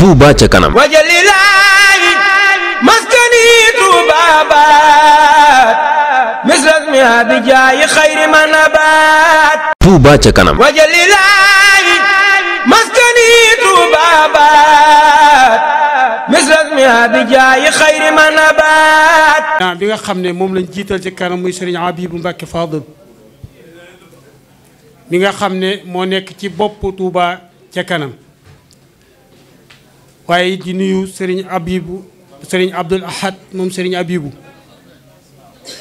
Touba ca kanam wajalilaahi maskani Touba baat misras mi abijaayi xayri manabaat Touba ca kanam wajalilaahi maskani Touba mi bi nga xam ne moom lañ jiital ci kanam muy Serigne Habibou Mbacké Fadel mi nga xam ne moo nekk ci bopp Touba ca kanam waaye di nuyu sëriñ abibu sëriñ abdul ahad moom sëriñ abibu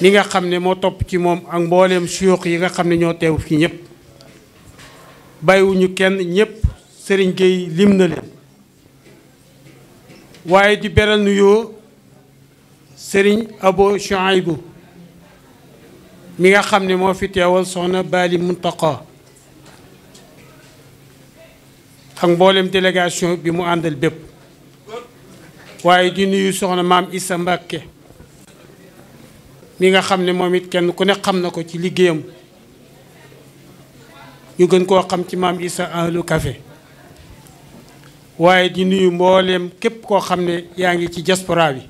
ni nga xam ne moo topp ci moom ak mbooleem suyuux yi nga xam ne ñoo teew fii ñëpp bàyyiwuñu kenn ñépp sëriñ Gueye lim na leen waaye di beral nuyoo sëriñ abo bu mi nga xam ne moo fi teewal soxna Bali ko ak mboolem délégation bi mu àndal bépp waaye di nuyu soxna maam Issa Mbàkke mi nga xam ne moom it kenn ku ne xam na ko ci liggéeyam ñu gën koo xam ci maam Issa Ahlu Café waaye di nuyu mbooleem képp koo xam ne yaa ngi ci diaspora bi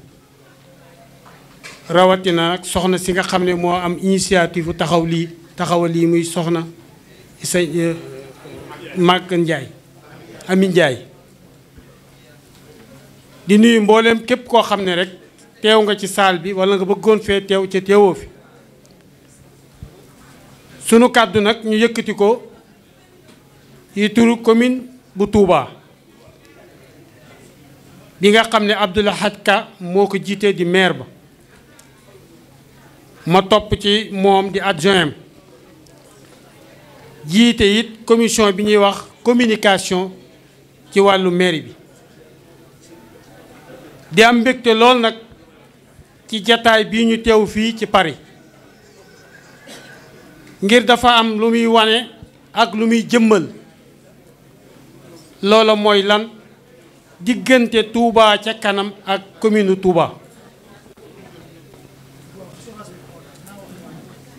rawatina nag soxna si nga xam ne moo am initiative taxaw lii taxawal lii muy soxna Issa euh, Mag Njaay Amin Njaay di nuyu mbooleem képp koo xam ne rek teew nga ci saal bi wala nga bëggoon fee teew ca teewoo fi sunu kàddu nag ñu yëkkati ko yi turu commune bu tuuba bi nga xam ne Abdoul Ahad Ka moo ko jiitee di maire ba ma topp ci moom di adjoint jiite it commission bi ñuy wax communication ci wàllu mairie bi di am mbégte lool nag ci jataay bii ñu teew fii ci Paris ngir dafa am lu muy wane ak lu muy jëmmal loola mooy lan diggante tuuba ca kanam ak commune tuuba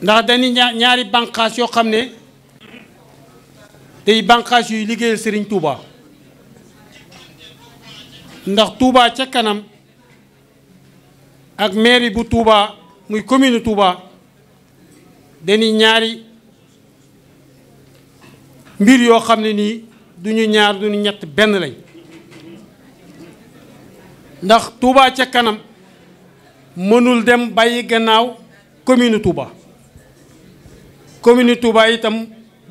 ndax dañuy ñaari banqaas yoo xam ne day banqaas yuy liggéeyal sëriñ Touba ndax tuubaa ca kanam ak mairie bu Touba muy commune Touba dañuy ñaari mbir yoo xam ne nii duñu ñaar duñu ñett benn lañ ndax tuubaa ca kanam mënul dem bàyyi gannaaw commune Touba commune Touba itam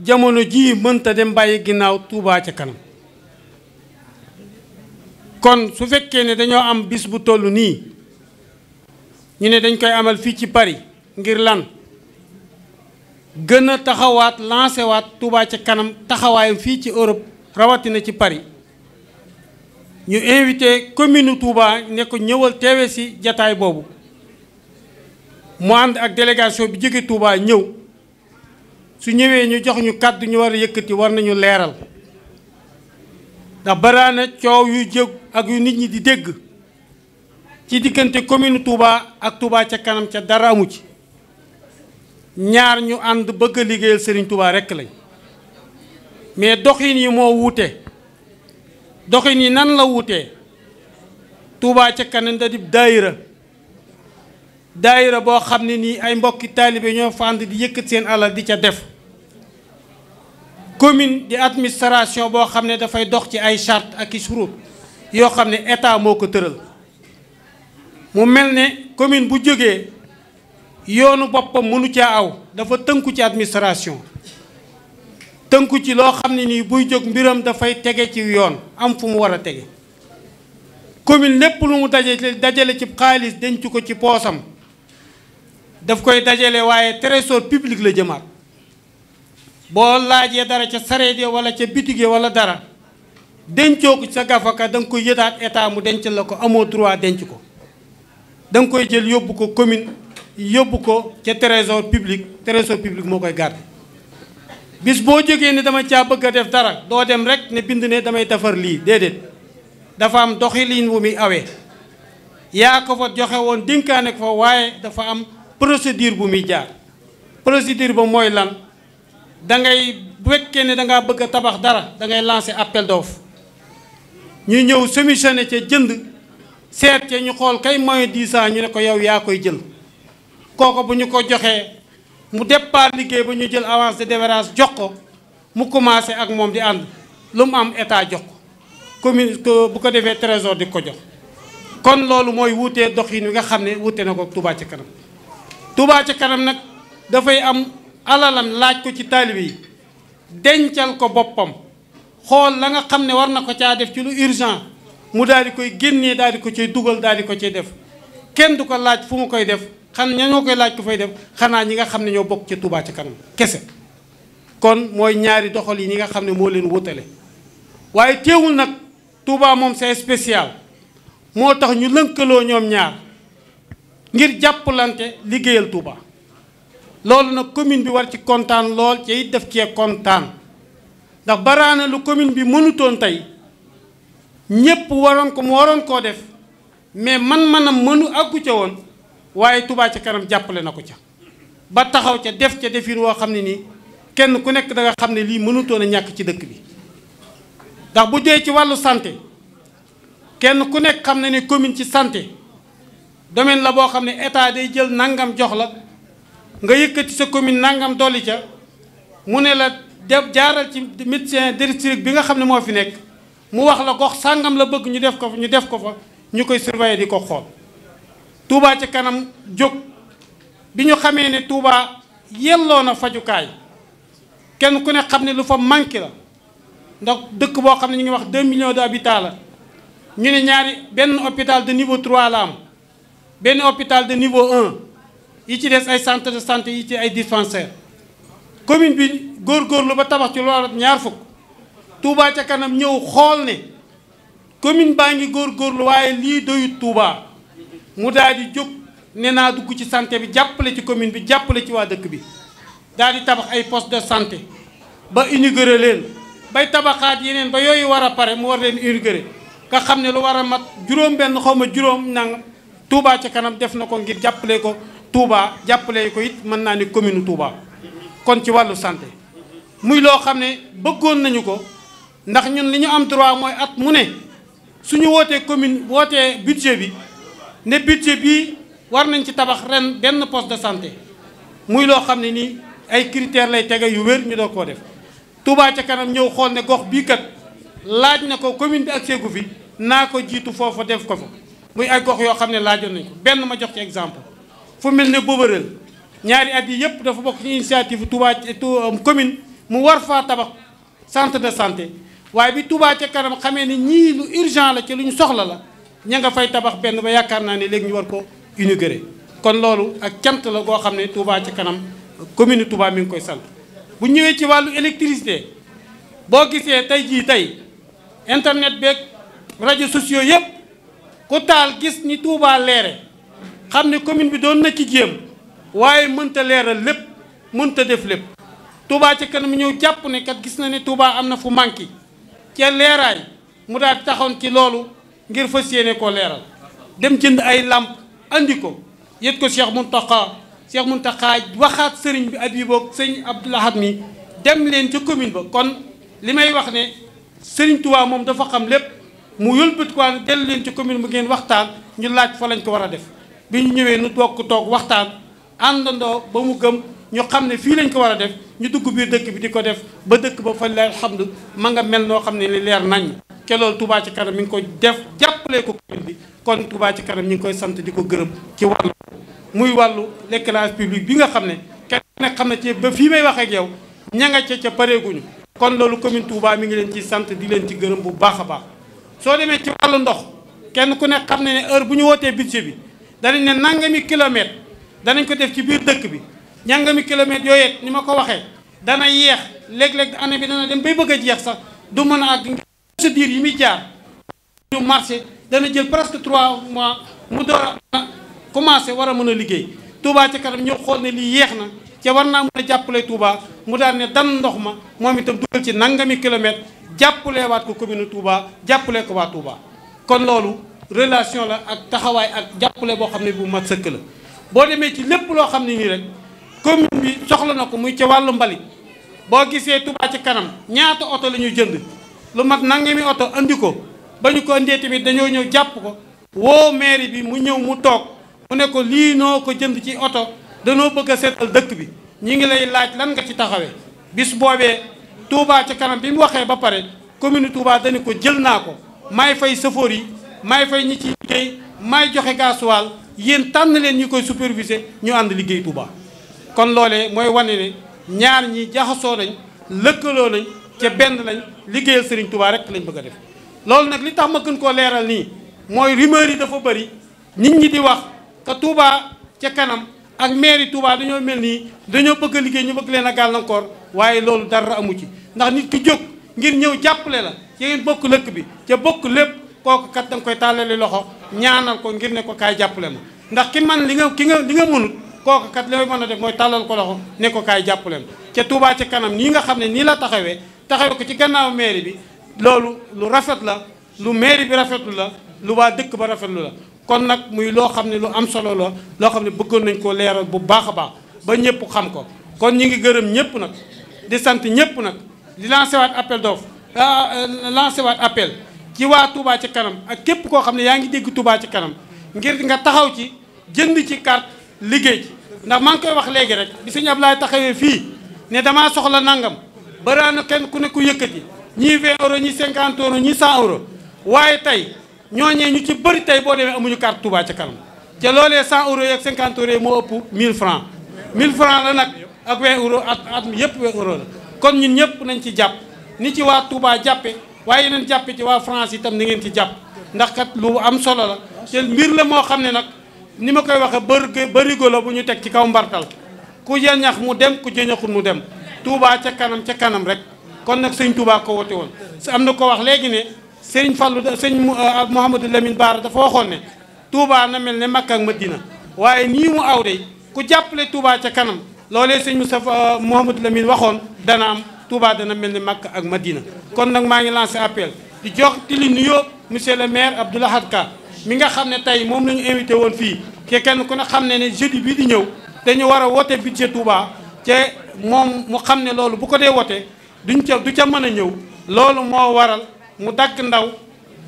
jamono ji mënta dem bàyyi gannaaw tuubaa ca kanam kon su fekkee ne dañoo am bis bu toll nii ñu ne dañ koy amal fii ci Paris ngir lan gën a taxawaat lancé waat Touba ca kanam taxawaayam fii ci Europe rawatina ci Paris ñu invité commune Touba ne ko ñëwal teewe si jataay boobu mu ànd ak délégation bi jóge tuubaa ñëw su ñëwee ñu jox ñu kàddu ñu war a yëkkati war nañu leeral ndax baraana coow yu jóg ak yu nit ñi di dégg ci diggante commune Touba ak Touba ca kanam ca dara amu ci ñaar ñu ànd bëgg a liggéeyal Serigne Touba rekk lañ mais doxin yi moo wuute doxin yi nan la wuutee Touba ca kanam da di daayira daayira boo xam ne nii ay mbokki taalibe ñoo fa ànd di yëkkat seen alal di ca def commune di administration boo xam ne dafay dox ci ay chart ak i surut yoo xam ne état moo ko tëral mu mel ne commune bu jógee yoonu boppam mënu ca aw dafa tënku ci administration tënku ci loo xam ne nii buy jóg mbiram dafay tege ci yoon am fu mu war a tege commune lépp lu mu dajale dajale ci xaalis denc ko ci poosam daf koy dajale waaye trésor public la jëmaat boo laajee dara ca sareet ya wala ca bitig ya wala dara dencoo ca sa gafaka da nga koy yëtaat état mu denc la ko amoo droit denc ko da koy jël yóbbu ko commune yóbbu ko ca trésor public trésor public moo koy garde bis boo jógee ni dama caa bëgg a def dara doo dem rek ne bind ne damay defar lii déedéet dafa am doxalin wu muy awee yaa ko fa joxe woon dénkaane ko fa waaye dafa am procédure bu muy jaar procédure ba mooy lan da ngay bu fekkee ne da ngaa bëgg tabax dara da ngay lancer appel d'offre ñu ñëw soumissionné ca jënd seet ca ñu xool kay moyen dix ans ñu ne ko yow yaa koy jël kooko bu ñu ko joxee mu départ liggéey ba ñu jël avance de démarrage jox ko mu commencé ak moom di ànd lu mu am état jox ko commune bu ko defee trésor di ko jox kon loolu mooy wuutee yi wi nga xam ne wuute na ko Touba ci kanam Touba ci kanam nag dafay am alalam laaj ko ci taalibe yi dencal ko boppam xool la nga xam ne war na ko caa def ci lu urgent mu daal di koy génnee daal di ko cay dugal daal di ko cay def kenn du ko laaj fu mu koy def xam ña koy laaj ku fay def xanaa ñi nga xam ne ñoo bokk ci Touba ca kanam kese kon mooy ñaari doxal yi ñi nga xam ne moo leen wutale waaye teewul nag Touba moom c'est spécial moo tax ñu lënkaloo ñoom ñaar ngir jàppalante liggéeyal Touba loolu nag commune bi war ci kontaan lool ci it def cee kontaan ndax baraana lu commune bi mënutoon tey ñépp waroon ko mu waroon koo def mais man-manam mënu àggu ca woon waaye Touba ca kanam jàppale na ko ca ba taxaw ca def ca defin woo xam ne nii kenn ku nekk da xam ne lii mënutoon a ñàkk ci dëkk bi ndax bu dee ci wàllu sante kenn ku nekk xam ne ne commune ci sante domaine la boo xam ne état day jël nangam jox la nga yëkkati sa commune nangam dolli ca mu ne la def jaaral ci médecin district bi nga xam ne moo fi nekk mu wax la gox sàngam la bëgg ñu def ko fa ñu def ko fa ñu koy surveiller di ko xool Touba ca kanam jóg bi ñu xamee ne Touba yelloo na fajukaay kenn ku ne xam ne lu fa manqué la ndax dëkk boo xam ne ñu ngi wax 2 millions d'habitants la ñu ne ñaari benn hôpital de niveau trois la am benn hôpital de niveau 1 yi ci des ay centre de santé yi ci ay dispensaire commune bi góor góorgóorlu ba tabax ci loola ñaar fukk Touba ca kanam ñëw xool ne commune baa ngi góor góorgóorlu waaye lii doyut Touba mu daal di jóg ne naa dugg ci santé bi jàppale ci commune bi jàppale ci waa dëkk bi daal di tabax ay poste de santé ba inauguré leen bay tabaxaat yeneen ba yooyu war a pare mu war leen inauguré nga xam ne lu war a mat juróom benn xaw ma juróom nang Touba ca kanam def na ko ngir jàppale ko Touba jàppale ko it mën naa ne commune Touba kon ci wàllu santé muy loo xam ne bëggoon nañu ko ndax ñun li ñu am droit mooy at mu ne suñu wootee commune wootee budget bi ne budget bi war nañ ci tabax ren benn poste de santé muy loo xam ne nii ay critères lay tege yu wér ñu doog koo def Touba ca kanam ñëw xool ne gox bii kat laaj na ko commune bi ak seegu fi naa ko jiitu foofu def ko fa muy ay gox yoo xam ne laajoon nañ ko benn ma jox ci exemple fu mel ne Boberel ñaari at yi yëpp dafa bokk ci initiative Touba euh, commune mu war faa tabax centre de santé waaye bi tubaa ca kanam xamee ne ñii lu urgent la ci lu ñu soxla la ña nga fay tabax benn ba yaakaar naa ne léegi ñu war ko inaugurer kon loolu ak cant la goo xam ne Touba ci kanam commune Touba mi ngi koy sant bu ñëwee ci wàllu électricité boo gisee tey jii tey internet beeg rajo sociaux yëpp ku taal gis ni Touba leere xam ne commune bi doon na ci jéem waaye mënta leeral lépp mënta def lépp Touba ca kanam ñëw jàpp ne kat gis na ne Touba am na fu manqué ca leeraay mu daal taxoon ci loolu ngir fas yéene ko leeral dem jënd ay làmp andi ko yët ko mun Cheikh Mountakha Cheikh Mountakha waxaat sëriñ bi Habib ak sëñ ab Lahad mi dem leen ca commune ba kon li may wax ne sëriñ Touba moom dafa xam lépp mu yëlbat ko dellu leen ci commune bu ngeen waxtaan ñu laaj fa lañ ko war a def bi ñu ñëwee nu toog toog waxtaan àndandoo ba mu gëm ñu xam ne fii lañ ko war a def ñu dugg biir dëkk bi di ko def ba dëkk ba fa lay alhamdu ma nga mel noo xam ne ni leer nañ te loolu Touba ci kanam mi ngi ko def jàppalee ko commune kon Touba ci kanam ñi ngi koy sant di ko gërëm ci wàllu muy wàllu l'éclairage public bi nga xam ne kenn nag xam ne ci ba fii may wax yow ña nga ca ca kon loolu commune Touba mi ngi leen ci sant di leen ci gërëm bu baax a baax soo demee ci wàllu ndox kenn ku nekk xam ne ne heure bu ñu wootee budget bi danañ ne nangami kilomètre danañ ko def ci biir dëkk bi ñangami kilomètre yooyu ni ma ko waxee dana yeex léeg-léeg année bi dana dem bay bëgg a jeex sax du mën a àgg procédure yi muy jaar ñu marché dana jël presque trois mois mu door a commencé war a mën a liggéey Touba ci kanam ñëw xool ne lii yeex na ca war naa mën a jàppale Touba mu daal ne dan ndox ma moom itam dugal ci nangami kilomètre jàppale waat ko commune Touba jàppale ko waat Touba kon relation la ak taxawaay ak jàppale boo xam ne bu mat sëkk la boo demee ci lépp loo xam ne nii rek commune bi soxla na ko muy ci wàllu mbalit boo gisee Touba ca kanam ñaata oto la ñu jënd lu mat nangami oto andi ko ba ñu ko andee tamit dañoo ñëw jàpp ko woo mairie bi mu ñëw mu toog mu ne ko lii noo ko jënd ci oto danoo bëgg a seetal dëkk bi ñi ngi lay laaj lan nga ci taxawee bis boobee Touba ca kanam bi mu waxee ba pare commune Touba dañu ko jël naa ko may fay safoor yi maay fay ñi ci liggéey maay joxe gaasuwaal yéen tànn leen ñi koy superviser ñu ànd liggéey Touba. kon loole mooy wane ne ñaar ñi jaxasoo nañ lëkkaloo nañ ca benn lañ liggéeyal Serigne Touba rek lañ bëgg a def loolu nag li tax ma gën koo leeral nii mooy rumeur yi dafa bëri nit ñi di wax que Touba ca kanam ak meeri Touba dañoo mel nii dañoo bëgg a liggéey ñu bëgg leen a gàllankoor waaye loolu dara amu ci ndax nit ki jóg ngir ñëw jàppale la ci ngeen bokk lëkk bi ca bokk lépp. kooku kat danga koy tàllali loxo ñaanal ko ngir ne ko kaay jàppale ma ndax ki man li nga ki nga li nga mënut kooku kat li may mën a def mooy tàllal ko loxo ne ko kaay jàppale ma ca Touba ci kanam nii nga xam ne nii la taxawee taxawee ko ci gannaaw mairie bi loolu lu rafet la lu mairie bi rafetlu la lu waa dëkk ba rafetlu la kon nag muy loo xam ne lu am solo la loo xam ne bëggoon nañ koo leeral bu baax a baax ba ñëpp xam ko kon ñu ngi gërëm ñëpp nag di sant ñëpp nag di lancé waat appel d'offre ah, euh, lancé waat appel ci waa Touba ci kanam ak képp koo xam ne yaa ngi dégg Touba ci kanam ngir nga taxaw ci jënd ci carte liggéey ci ndax man ngi koy wax léegi rek bi sëñ Ablaye taxawee fii ne damaa soxla nangam baraana kenn ku ne ku yëkkati ñii 20 euros ñii cinquante euros ñii 100 euros waaye tey ñooñee ñu ci bëri tey boo demee amuñu carte Touba ci kanam ca loolee 100 euros yeeg 50 euros yi moo ëpp 1000 francs 1000 francs la nag ak 20 euros at at yëpp 20 kon ñun ñëpp nañ ci jàpp ni ci waa Touba jàppe waaye neen jàppe ci waa France itam na ngeen ci jàpp ndax kat lu am solo la te mbir la moo xam ne nag ni ma koy waxee bër bërigo la bu ñu teg ci kaw mbartal ku jëñax mu dem ku jëñaxul mu dem Touba ca kanam ca kanam rek kon nag sëñ Touba ko wote woon am na ko wax léegi ne sëñ Fallou sëñ euh, Mouhamadou Lamine Bara dafa waxoon ne Touba na mel ne Makka ak Madina waaye nii mu aw de ku jàppale Touba ca kanam loolee sëñ Moussa euh, Mouhamadou Lamine waxoon dana am Touba dana mel ni Makka ak Madina kon nag maa ngi lancé appel di jox ti li nuyoo monsieur le maire Abdou Lahad Ka mi nga xam ne tey moom la ñu invité woon fii te kenn ku ne xam ne ne jeudi bii di ñëw dañu war a wote budget Touba te moom mu xam ne loolu bu ko dee wote duñ ca du ca mën a ñëw loolu moo waral mu dakk ndaw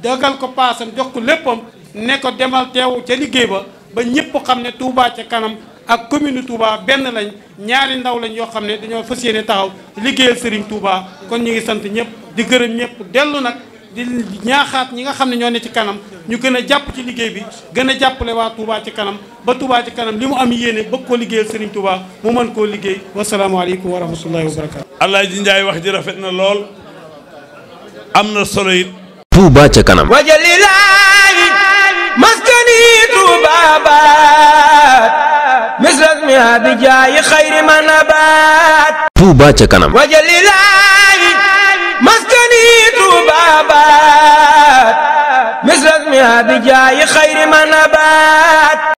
dagal ko paasam jox ko léppam ne ko demal teew ca liggéey ba ba ñëpp xam ne Touba ca kanam ak commune Touba benn lañ ñaari ndaw lañ yoo xam ne dañoo fas yéene taxaw liggéeyal Serigne Touba kon ñu ngi sant ñëpp di gërëm ñëpp dellu nag di ñaaxaat ñi nga xam ne ñoo ne ci kanam ñu gën a jàpp ci liggéey bi gën a jàppale waa Touba ci kanam ba Touba ci kanam li mu am yéene bëgg koo liggéeyal Serigne Touba mu mën koo liggéey wasalaamaaleykum wa rahmatullahi wa barakaatu. ji Njaay wax ji rafet na lool am na solo it. Touba ca kanam. misrasmiha bi jaayi xayri man abaat Touba ca kanam wajalilaayi maskani Touba abaat misrasmiha bi jaayi xayri man abaat